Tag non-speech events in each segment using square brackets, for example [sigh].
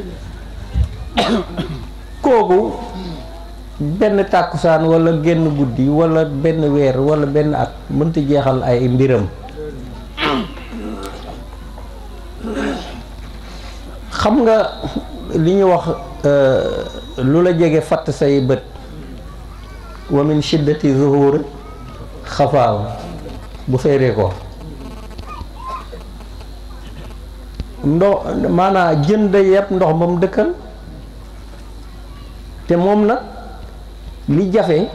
[coughs] kooku benn tàkkusaan walla genn guddi wala benn weer walla benn at mënta jeexal ay mbiram xam nga li ñu wax euh, lu la jege fatt say bët wa min shiddati zuhur xafaaw bu feeree ko ndox maanaam jën day yeb ndox ba mu dëkkal te moom nag li jafe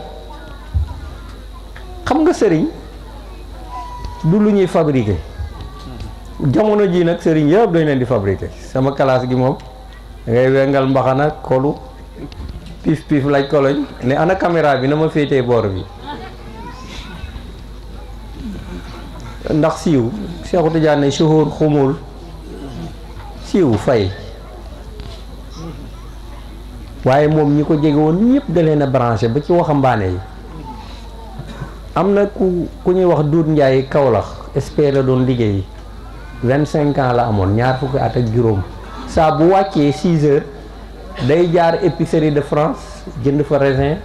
xam nga sëriñ du lu ñuy fabriqué jamono ji nag sëriñ yëpp dañ leen di fabriqué sama classe gi moom da wengal mbaxana kolu piif piif laaj koloñ ne ana caméra bi na ma féetee boor bi ndax siiw Seexu Tijaan ne xumul siiw fay waye mom ñiko jégé won ñepp ñëpp da branché ba ci waxa mbané amna ku ku ñuy wax Doudou Ndiaye Kaolack SP la doon liggéey 25 ans la amone ñaar fukk at ak juroom sa bu wàccee 6 heures day jaar épicerie de France jënd fa raisin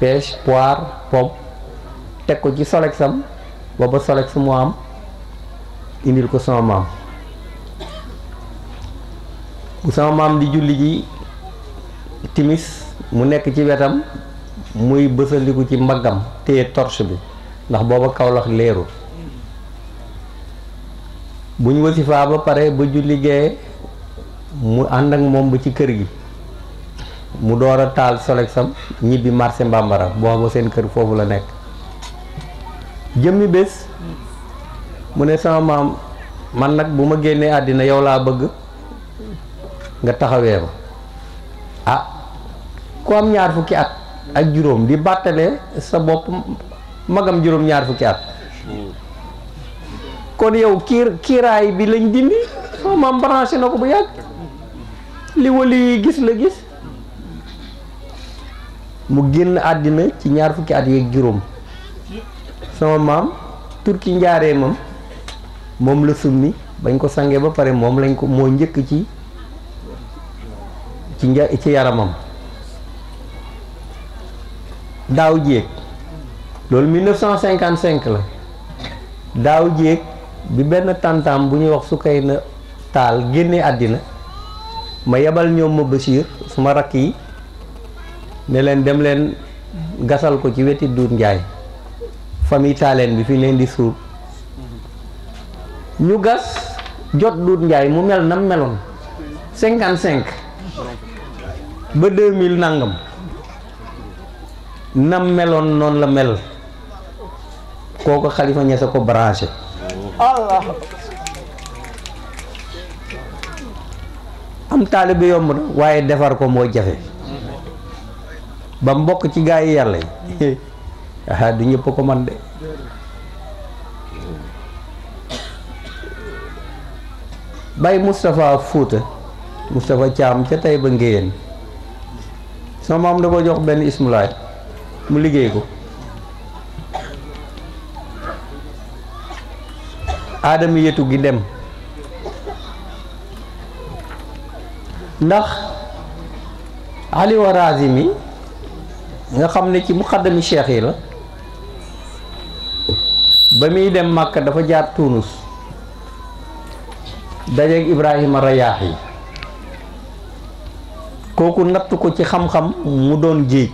pêche poire pomme teg ko ci solexam ba solex mu am indil ko sama mam bu sama maam di julli ji timis mu nekk ci wetam muy bësaliku ci mbaggam te torche bi ndax booba Kawlax leeru bu ñu wasifaa ba pare ba julli gee mu ànd ak moom ba ci kër gi mu door a taal solexam ñibbi marché Mbambara booba seen kër foofu la nekk jëmmi bés mu ne sama maam man nag bu ma génnee àddina yow laa bëgg nga taxawee ko ah ku am ñaar fukki at ak juróom di bàttalee sa bopp magam juróom ñaar fukki at kon yow kiir kiiraay bi lañ dindi soo maam branché na ko bu yàgg li wali gis la gis mu génn àddina ci ñaar fukki at yeeg juróom sama maam turki njaaree mam moom la summi bañ ko sangee ba pare moom lañ ko moo njëkk ci ci nja ci yaramam daaw jéeg loolu 1955 la daaw jeeg bi benn tàntaam bu ñuy wax su Sukayna Taal génne àddina ma yebal ñoom ma Bachir suma rakk yi ne leen dem leen gasal ko ci weti duut njaay famille taaleen bi fi leen di suur ñu gas jot duut njaay mu mel nam meloon cinquante cinq ba deux nangam nam meloon noonu la mel kooku xalifa ñese ko branché Allah am taalibe yomb na waaye defar ko moo jafe ba mbokk ci gaa yi yàlla yi [laughs] ah du ñëpp ko man de Baye Moustapha Fouta Moustapha Thiam ca tey ba ngéyeen sama maam da jox benn ismulaay mu liggéey ko aadama yetu gi dem ndax Ali mi nga xam ne ci muqaddami cheikh yi la ba muy dem Màkka dafa jaar Tunus dajeeg Ibrahima Rayaax yi kooku natt ko ci xam-xam mu doon géej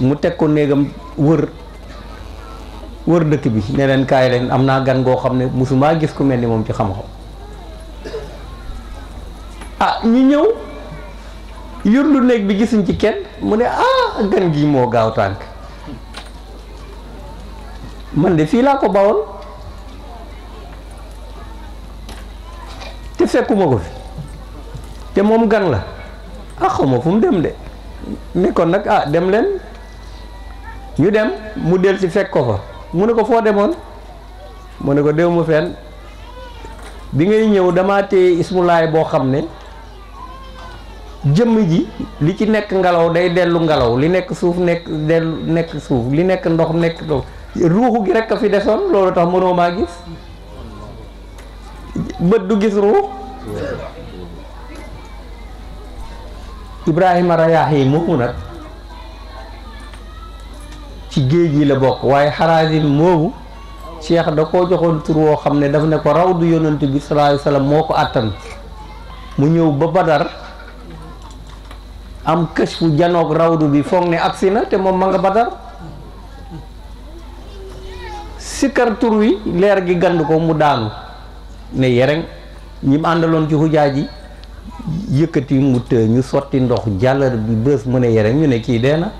mu teg ko néegam wër wër dëkk bi ne leen kaay leen am naa gan goo xam ne musumaa gis ku mel ni moom ci xam-xam ah ñu ñëw lu néeg bi gisuñ ci kenn mu ne ah gan gi moo gaaw tànk man de fii laa ko bawoon te fekkuma ko fi te moom gan la ah, ah xaw fu mu dem de ne kon nag ah dem leen ñu dem mu dell si fekk ko fa mu ne ko foo demoon mu ne ko déw mu fenn bi ngay ñëw damaa téye ismulaay boo xam ne jëmm ji li ci nekk ngelaw day dellu ngelaw li nekk suuf nekk dellu nekk suuf li nekk ndox nekk ndox ruuxu gi rekk a fi desoon loolu tax mënoo maa gis bët du gis ruux Ibrahima Rayaax yi moomu nag ci géej gi la bokk waaye Harazim moomu Cheikh da koo joxoon tur woo xam ne dafa ne ko raw du yonent bi sallallahu alayhi moo ko àttan mu ñëw ba Badar am kës fu janoog rawdu bi foog ne agsi na te moom ma nga Badar sikkar tur wi leer gi gand ko mu daanu ne yereng ñi mu àndaloon ci xujaa ji yëkkati mu të ñu sotti ndox jàllar bi bés mu ne yere ñu ne kii dee na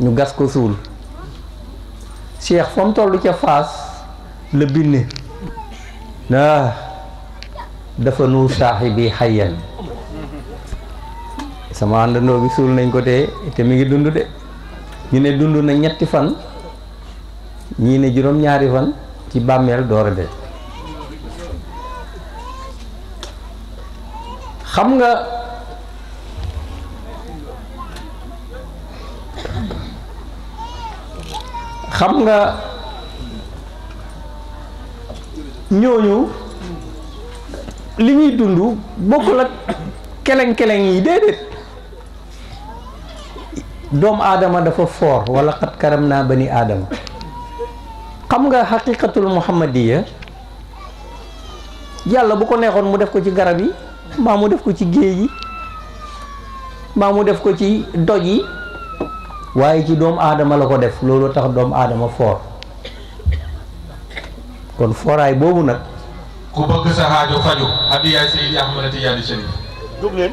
ñu gas ko suul Cheikh fa mu toll ca faas la binne naa ah, dafa nu saaxi bi xayyan sama àndandoo bi suul nañ ko te te mi ngi dund de ñu ne dund na ñetti fan ñii ne juróom-ñaari fan ci bàmmeel door a de xam nga xam nga ñooñu li ñuy dund bokkul ak keleng keleng yi déedéet doomu aadama dafa foor wala xat karam naa bani aadama xam nga xaqiqatul muhammadiya yàlla bu ko neexoon mu def ko ci garab yi mbaa mu def ko ci géej yi mbaa mu def ko ci doj yi waaye ci doom aadama la ko def loolu tax doomu aadama foor kon fooraay boobu nag ku bëgg sa xaajo faju hadiyaay Seydi Ahmad Tijaani Sharif jóg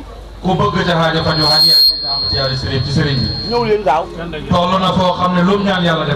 sa xaajo faju hadiyaay Seydi Tijaani ci sëriñ bi ñëw ñaan yàlla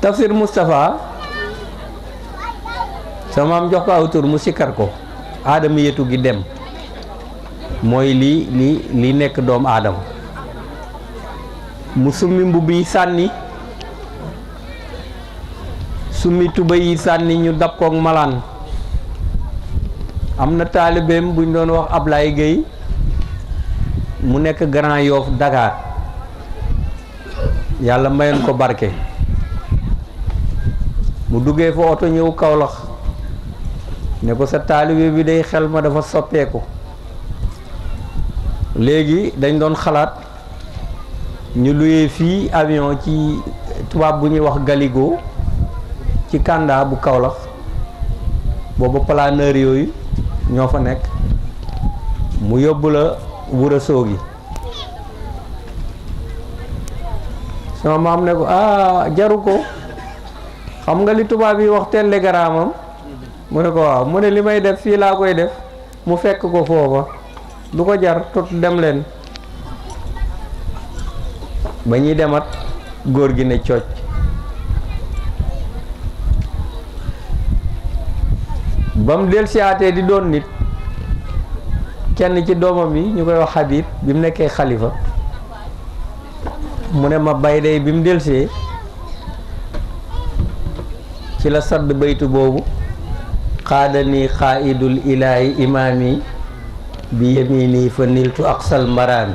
tafsir Moustapha sama maam jox ko aw tur mu sikkar ko aadama yetu gi dem mooy lii lii lii nekk doomu aadama mu summi mbubb yi sànni summi tuba yi sànni ñu dab koog malaan am na taalibeem buñ doon wax Ablaye Gueye mu nekk Grand Yoff Dakar yàlla mayoon ko barke mu duggee fa oto ñëw Kawlax ne ko sa taalibe bi day xel ma dafa soppeeku léegi dañ doon xalaat ñu luye fii avion ci tubaab bu ñuy wax Galigo ci Kanda bu Kawlax boobu planeur yooyu ñoo fa nekk mu yóbbu la wura soogi sama maam ne ko ah jaru ko xam nga li tubaab yi wax télégramme mu ne ko waaw mu ne li may def fii laa koy def mu fekk ko foofa lu ko jar tot dem leen ba ñuy demat góor gi ne cooc ba mu del siyaatee di doon nit kenn ci doomam yi ñu koy wax Habib bi mu nekkee xalifa mu ne ma bay day bi mu delsee ci la sadd baytu boobu xaadani xaaidul ilaahi imaami bi yemini fa niltu aqsal maraami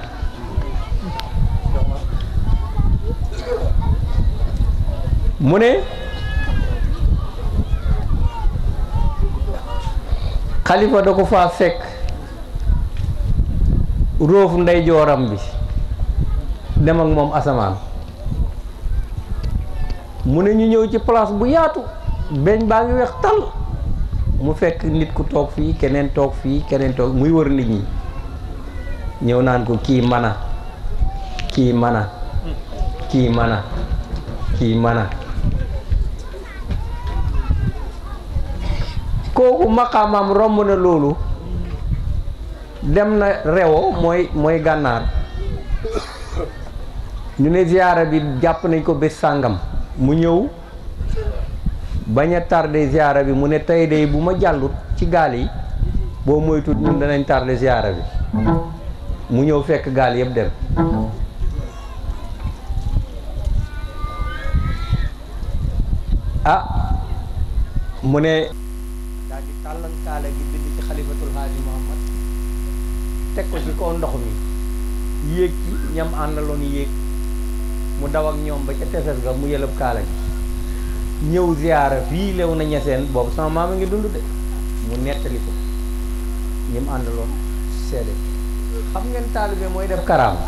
mu ne xalifa da ko fa fekk roofu ndeyjooram bi dem ak moom asamaan mu ne ñu ñew ci place bu yaatu beñ baangi ngi tal mu fekk nit ku tok fi keneen tok fi keneen tok muy wër nit ñi ñew naan ko ki mana ki mana ki mana ki mana maqamam romb na lolu dem na rewo moy moy ganar. ñu ne ziarabi bi nañ ko bés sangam mu ñëw bañ a tardé ziara bi mu ne tey de bu ma jàllut ci gaal yi boo moytuwul ñun danañ tardé ziara bi mu ñëw fekk gaal yëpp dem ah mu ne daal di tàllankaale gi bind ci xalifatul haaji Muhammad teg ko ci kaw ndox mi yéeg ci ñam àndaloon yéeg mu daw ak ñoom ba ca tss ga mu yëlëb kaala gi ñëw ziyaara fii lew na ñeseen boobu sama maam ngi dund de mu nettali ko ñim mu àndaloon seede xam ngeen taalibe mooy def karaama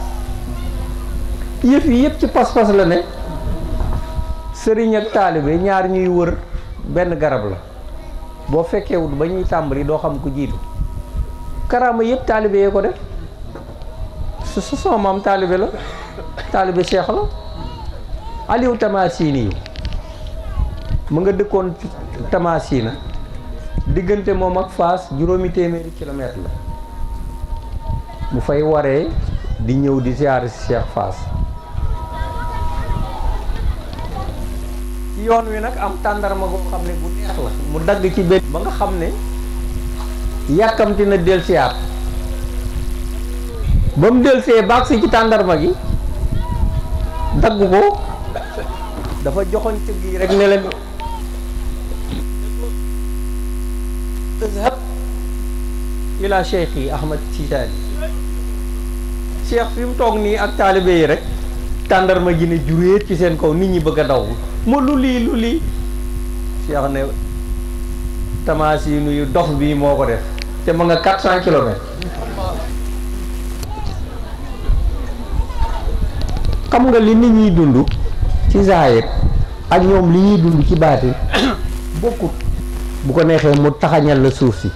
yëf yi yëpp ci pas-pas la ne sëriñ ak taalibe ñaar ñuy wër benn garab la boo fekkee wut ba ñuy tàmbali doo xam ku jiitu karaama yëpp taalibe yee ko def su sama maam taalibe la talibé cheikh la aliou tamassini yu nga dekon tamassina diggante mom ak fas juromi téeméeri kilomètre la mu fay waré di ñëw di ziar cheikh fas yoon wi nak am tandarma go xam bu neex la mu dag ci benn ba nga xam yakamti na del ciat bam del ci si ci tandarma gi dag ko dafa joxon ci gi rek ne len tazhab ila sheikhi ahmad tijani cheikh fim tok ni ak taalibe yi rek tàndarma ji ne juré ci sen kaw nit ñi bëgg daw mo luli luli cheikh ne tamasi nuyu dox bi moko def te ma nga 400 km xam nga li nit ñuy dund ci zaahir ak ñoom li ñuy dund ci baatin [coughs] bokkut bu ko neexee mu taxañal la suuf si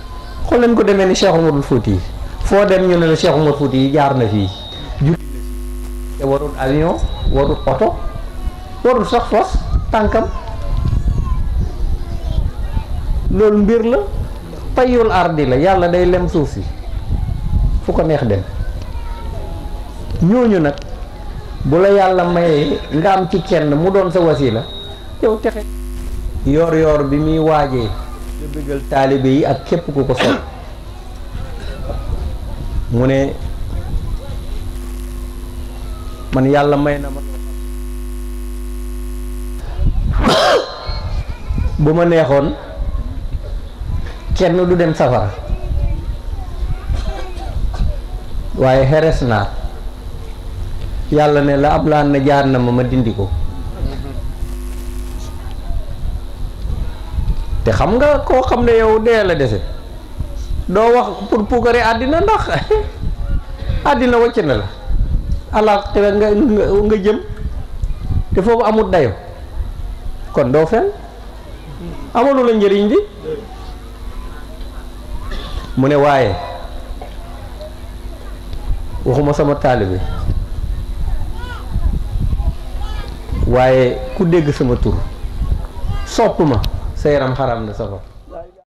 xool leen ko demee ni Cheikh Omarul Fouti yi foo dem ñu ne la Cheikh Omar Fouti yi jaar na fii jur te warul avion warul oto warul sax fas tànkam loolu mbir la tayul ardi la yàlla day lem suuf si fu ko neex dem ñooñu nag bu la yàlla mayee nga am ci kenn mu doon sa wasila yow texe yoor yoor bi muy waajee da bëggal taalibe yi ak képp ku ko sol mu ne man yàlla may na [coughs] ma neexoon kenn du dem safara waaye xeres naa yàlla ne la ab laan na jaar na ma ma dindi ko te xam nga koo xam ne yow dee la dese doo wax pour puukare àddina ndax [laughs] àddina wàcc na la alax te nga nga jëm te foofu amul dayo kon doo fen amalu la njëriñ di mu ne waaye waxuma sama taalibe waaye ku dégg sama tur sopp ma sa yaram xaram na safar